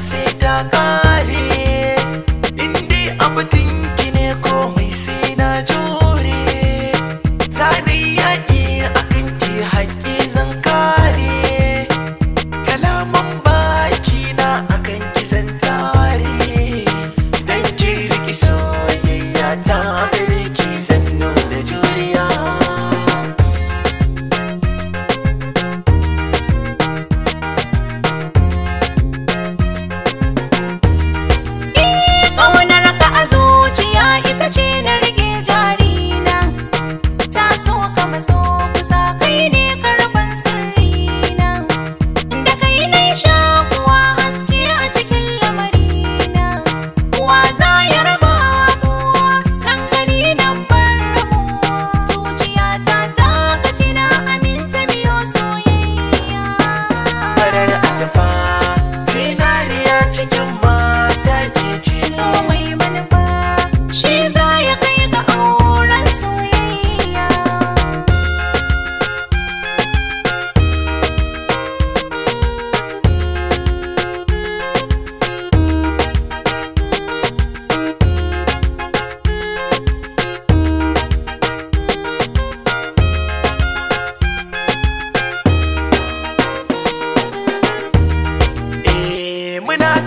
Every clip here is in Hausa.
sitaka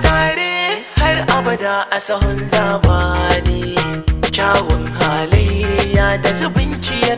tare har abada a sahun zamani kyawun halayya da zubin